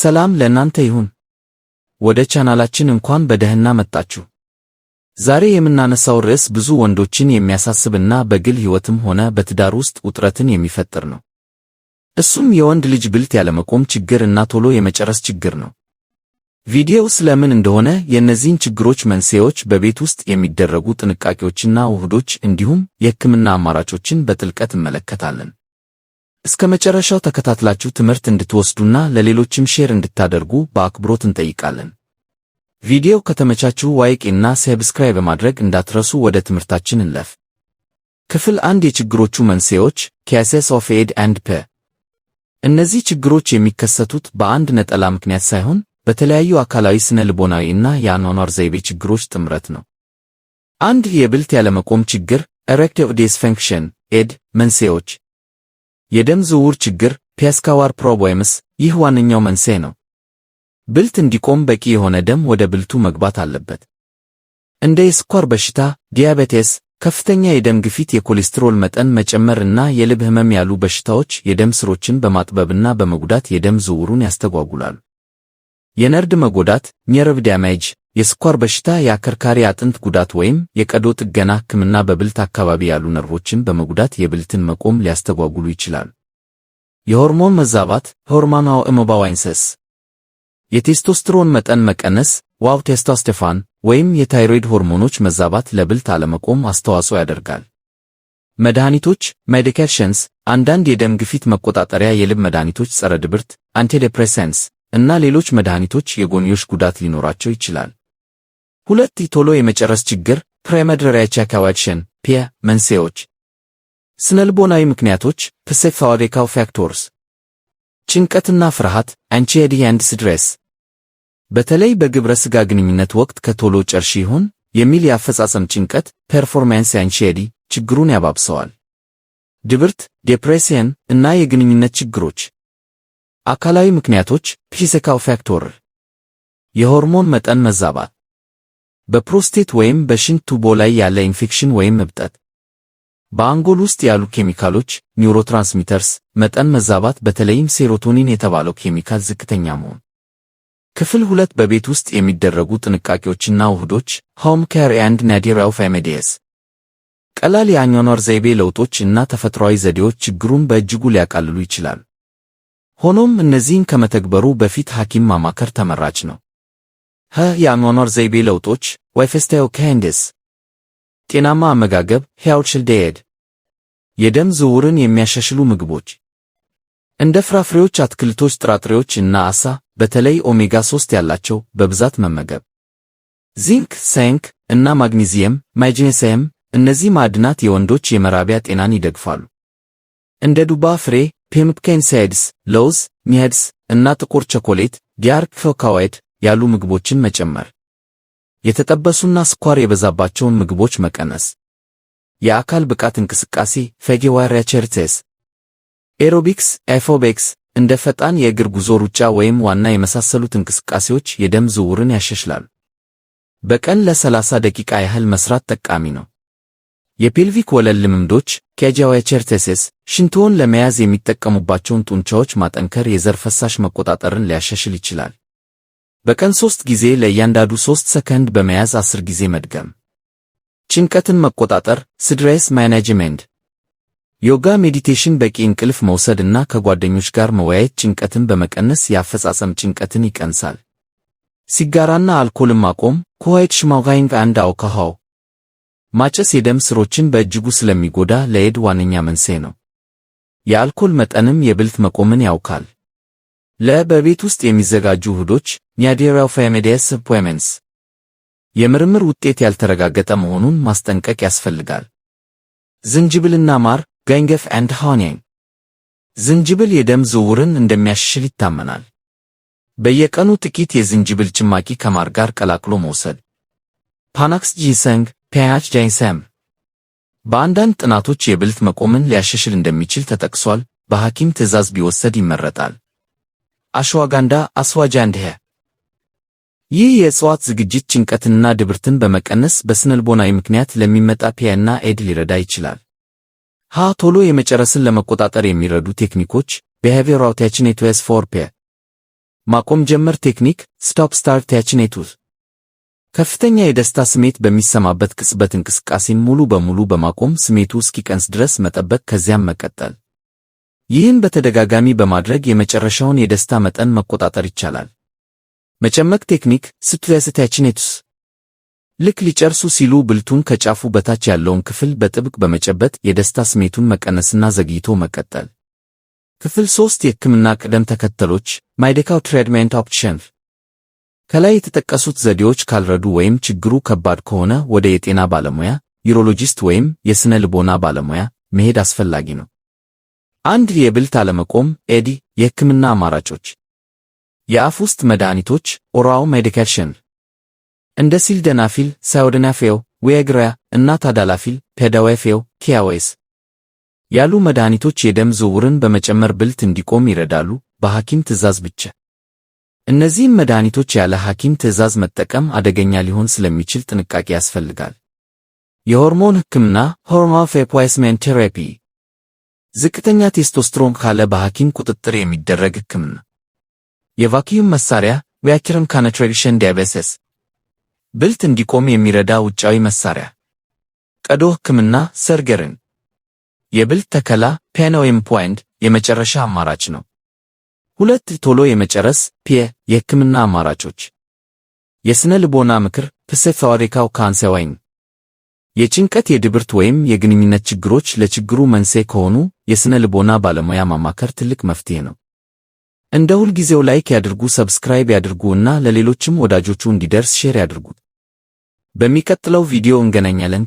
ሰላም ለእናንተ ይሁን። ወደ ቻናላችን እንኳን በደህና መጣችሁ። ዛሬ የምናነሳው ርዕስ ብዙ ወንዶችን የሚያሳስብና በግል ሕይወትም ሆነ በትዳር ውስጥ ውጥረትን የሚፈጥር ነው። እሱም የወንድ ልጅ ብልት ያለመቆም ችግር እና ቶሎ የመጨረስ ችግር ነው። ቪዲዮው ስለምን እንደሆነ የእነዚህን ችግሮች መንስኤዎች፣ በቤት ውስጥ የሚደረጉ ጥንቃቄዎችና ውህዶች እንዲሁም የሕክምና አማራጮችን በጥልቀት እመለከታለን። እስከ መጨረሻው ተከታትላችሁ ትምህርት እንድትወስዱና ለሌሎችም ሼር እንድታደርጉ በአክብሮት እንጠይቃለን። ቪዲዮው ከተመቻችሁ ዋይቅ እና ሰብስክራይብ በማድረግ እንዳትረሱ። ወደ ትምህርታችን እንለፍ። ክፍል አንድ የችግሮቹ መንስኤዎች ካሴስ ኦፍ ኤድ አንድ ፐ እነዚህ ችግሮች የሚከሰቱት በአንድ ነጠላ ምክንያት ሳይሆን በተለያዩ አካላዊ ስነ ልቦናዊ እና የአኗኗር ዘይቤ ችግሮች ጥምረት ነው። አንድ የብልት ያለመቆም ችግር ኤሬክቲቭ ዲስፈንክሽን ኤድ መንስኤዎች የደም ዝውውር ችግር ፒያስካዋር ፕሮብሌምስ ይህ ዋነኛው መንስኤ ነው። ብልት እንዲቆም በቂ የሆነ ደም ወደ ብልቱ መግባት አለበት። እንደ የስኳር በሽታ፣ ዲያቤቴስ፣ ከፍተኛ የደም ግፊት፣ የኮሌስትሮል መጠን መጨመር እና የልብ ህመም ያሉ በሽታዎች የደም ስሮችን በማጥበብና በመጉዳት የደም ዝውውሩን ያስተጓጉላሉ። የነርድ መጎዳት ኒየርቭ ዳሜጅ የስኳር በሽታ የአከርካሪ አጥንት ጉዳት ወይም የቀዶ ጥገና ህክምና በብልት አካባቢ ያሉ ነርቮችን በመጉዳት የብልትን መቆም ሊያስተጓጉሉ ይችላሉ። የሆርሞን መዛባት ሆርማናው እመባዋይንሰስ የቴስቶስትሮን መጠን መቀነስ ዋው ቴስቶስቴፋን ወይም የታይሮይድ ሆርሞኖች መዛባት ለብልት አለመቆም አስተዋጽኦ ያደርጋል። መድኃኒቶች ሜዲኬሽንስ አንዳንድ የደም ግፊት መቆጣጠሪያ የልብ መድኃኒቶች፣ ጸረ ድብርት፣ አንቲዴፕሬሰንስ እና ሌሎች መድኃኒቶች የጎንዮሽ ጉዳት ሊኖራቸው ይችላል። ሁለት ቶሎ የመጨረስ ችግር ፕሬመድረሪያቻ ካዋክሽን ፒያ መንስኤዎች ስነልቦናዊ ምክንያቶች ፕሴፋዋዴካው ፋክቶርስ ጭንቀትና ፍርሃት አንቺዲ ኤንድ ስትሬስ በተለይ በግብረ ሥጋ ግንኙነት ወቅት ከቶሎ ጨርሺ ይሆን የሚል የአፈጻጸም ጭንቀት ፐርፎርማንስ አንቺዲ ችግሩን ያባብሰዋል። ድብርት፣ ዴፕሬሽን እና የግንኙነት ችግሮች አካላዊ ምክንያቶች ፒሴካው ፋክቶር የሆርሞን መጠን መዛባት በፕሮስቴት ወይም በሽንት ቱቦ ላይ ያለ ኢንፌክሽን ወይም እብጠት። በአንጎል ውስጥ ያሉ ኬሚካሎች ኒውሮትራንስሚተርስ መጠን መዛባት፣ በተለይም ሴሮቶኒን የተባለው ኬሚካል ዝቅተኛ መሆን። ክፍል ሁለት በቤት ውስጥ የሚደረጉ ጥንቃቄዎችና ውህዶች ሆም ኬር ኤንድ ናዲር ኦፍ ሬሜዲስ። ቀላል የአኗኗር ዘይቤ ለውጦች እና ተፈጥሯዊ ዘዴዎች ችግሩን በእጅጉ ሊያቃልሉ ይችላሉ። ሆኖም እነዚህን ከመተግበሩ በፊት ሐኪም ማማከር ተመራጭ ነው። ሀ የአኗኗር ዘይቤ ለውጦች ዋይፈስታዮ ከህንድስ ጤናማ አመጋገብ ሕያውችል ደየድ የደም ዝውውርን የሚያሻሽሉ ምግቦች እንደ ፍራፍሬዎች፣ አትክልቶች፣ ጥራጥሬዎች እና አሳ በተለይ ኦሜጋ 3 ያላቸው በብዛት መመገብ። ዚንክ፣ ሰንክ እና ማግኒዚየም ማግኔሲየም። እነዚህ ማዕድናት የወንዶች የመራቢያ ጤናን ይደግፋሉ። እንደ ዱባ ፍሬ ፔምፕኬን፣ ሳይድስ፣ ለውዝ፣ ሚሄድስ እና ጥቁር ቸኮሌት ዲያርክ ፎካዋይድ ያሉ ምግቦችን መጨመር፣ የተጠበሱና ስኳር የበዛባቸውን ምግቦች መቀነስ፣ የአካል ብቃት እንቅስቃሴ ፌጌዋሪያቸርቴስ ኤሮቢክስ፣ ኤፎቤክስ እንደ ፈጣን የእግር ጉዞ፣ ሩጫ ወይም ዋና የመሳሰሉት እንቅስቃሴዎች የደም ዝውውርን ያሻሽላሉ። በቀን ለ30 ደቂቃ ያህል መስራት ጠቃሚ ነው። የፔልቪክ ወለል ልምምዶች ኬጃዋቸርቴሴስ ሽንትዎን ለመያዝ የሚጠቀሙባቸውን ጡንቻዎች ማጠንከር የዘር ፈሳሽ መቆጣጠርን ሊያሻሽል ይችላል። በቀን ሶስት ጊዜ ለእያንዳንዱ ሶስት ሰከንድ በመያዝ አስር ጊዜ መድገም። ጭንቀትን መቆጣጠር ስትሬስ ማኔጅመንት። ዮጋ፣ ሜዲቴሽን፣ በቂ እንቅልፍ መውሰድ እና ከጓደኞች ጋር መወያየት ጭንቀትን በመቀነስ የአፈጻጸም ጭንቀትን ይቀንሳል። ሲጋራና አልኮልን ማቆም ኩዋይት ሽማጋይንግ አንድ አውካሃው ማጨስ የደም ስሮችን በእጅጉ ስለሚጎዳ ለኤድ ዋነኛ መንስኤ ነው። የአልኮል መጠንም የብልት መቆምን ያውካል። ለበቤት በቤት ውስጥ የሚዘጋጁ ውህዶች ኒያዴራ ፋሚዲስ ፖይመንስ የምርምር ውጤት ያልተረጋገጠ መሆኑን ማስጠንቀቅ ያስፈልጋል። ዝንጅብልና ማር ጋንገፍ ኤንድ ሃኒንግ ዝንጅብል የደም ዝውውርን እንደሚያሻሽል ይታመናል። በየቀኑ ጥቂት የዝንጅብል ጭማቂ ከማር ጋር ቀላቅሎ መውሰድ። ፓናክስ ጂሰንግ ፒያች ጃይሰም በአንዳንድ ጥናቶች የብልት መቆምን ሊያሻሽል እንደሚችል ተጠቅሷል። በሐኪም ትዕዛዝ ቢወሰድ ይመረጣል። አሽዋጋንዳ አስዋጃንድሄ ይህ የእጽዋት ዝግጅት ጭንቀትንና ድብርትን በመቀነስ በስነልቦናዊ ምክንያት ለሚመጣ ፒያና ኤድ ሊረዳ ይችላል። ሃ ቶሎ የመጨረስን ለመቆጣጠር የሚረዱ ቴክኒኮች ቢሄቪራል ታችኔትስ ፎር ፒያ ማቆም ጀመር ቴክኒክ ስቶፕ ስታርት ታችኔቱስ ከፍተኛ የደስታ ስሜት በሚሰማበት ቅጽበት እንቅስቃሴን ሙሉ በሙሉ በማቆም ስሜቱ እስኪቀንስ ድረስ መጠበቅ ከዚያም መቀጠል ይህን በተደጋጋሚ በማድረግ የመጨረሻውን የደስታ መጠን መቆጣጠር ይቻላል። መጨመቅ ቴክኒክ ስትለስታችኔቱስ ልክ ሊጨርሱ ሲሉ ብልቱን ከጫፉ በታች ያለውን ክፍል በጥብቅ በመጨበጥ የደስታ ስሜቱን መቀነስና ዘግይቶ መቀጠል። ክፍል ሶስት የሕክምና ቅደም ተከተሎች ማይደካው ትሬድሜንት ኦፕሽን ከላይ የተጠቀሱት ዘዴዎች ካልረዱ ወይም ችግሩ ከባድ ከሆነ ወደ የጤና ባለሙያ ዩሮሎጂስት ወይም የሥነ ልቦና ባለሙያ መሄድ አስፈላጊ ነው። አንድ የብልት አለመቆም ኤዲ የህክምና አማራጮች የአፍ ውስጥ መድኃኒቶች ኦራው ሜዲኬሽን እንደ ሲልደናፊል፣ ሳዮደናፌው፣ ዌግራ እና ታዳላፊል ፔዳዌፌው ኪያዌስ ያሉ መድኃኒቶች የደም ዝውውርን በመጨመር ብልት እንዲቆም ይረዳሉ በሐኪም ትዕዛዝ ብቻ። እነዚህም መድኃኒቶች ያለ ሐኪም ትዕዛዝ መጠቀም አደገኛ ሊሆን ስለሚችል ጥንቃቄ ያስፈልጋል። የሆርሞን ህክምና ሆርሞን ሪፕሌስመንት ቴራፒ ዝቅተኛ ቴስቶስትሮን ካለ በሐኪም ቁጥጥር የሚደረግ ሕክምና። የቫኪዩም መሳሪያ ቫክዩም ካነትሬክሽን ዲያቤሰስ ብልት እንዲቆም የሚረዳ ውጫዊ መሳሪያ። ቀዶ ሕክምና ሰርገርን የብልት ተከላ ፔን ፖይንት የመጨረሻ አማራጭ ነው። ሁለት ቶሎ የመጨረስ ፒየ የሕክምና አማራጮች የስነ ልቦና ምክር ፕሴፋሪካው ካንሰዋይን የጭንቀት የድብርት ወይም የግንኙነት ችግሮች ለችግሩ መንስኤ ከሆኑ የሥነ ልቦና ባለሙያ ማማከር ትልቅ መፍትሄ ነው። እንደ ሁልጊዜው ላይክ ያድርጉ፣ ሰብስክራይብ ያድርጉ እና ለሌሎችም ወዳጆቹ እንዲደርስ ሼር ያድርጉ። በሚቀጥለው ቪዲዮ እንገናኛለን።